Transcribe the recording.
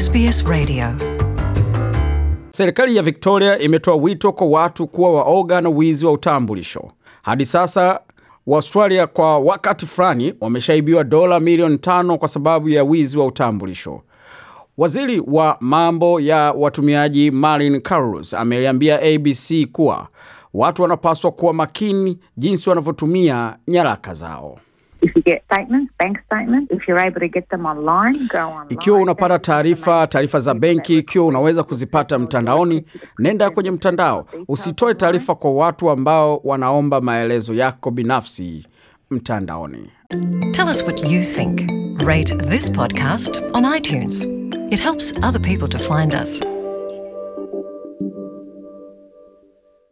SBS Radio. Serikali ya Victoria imetoa wito kwa watu kuwa waoga na wizi wa utambulisho. Hadi sasa Waustralia kwa wakati fulani wameshaibiwa dola milioni tano kwa sababu ya wizi wa utambulisho. Waziri wa mambo ya watumiaji marin Carlos ameliambia ABC kuwa watu wanapaswa kuwa makini jinsi wanavyotumia nyaraka zao you're able to get them online, go online. Ikiwa unapata taarifa taarifa za benki, ikiwa unaweza kuzipata mtandaoni, nenda kwenye mtandao. Usitoe taarifa kwa watu ambao wanaomba maelezo yako binafsi mtandaoni. Tell us what you think. Rate this podcast on iTunes. It helps other people to find us.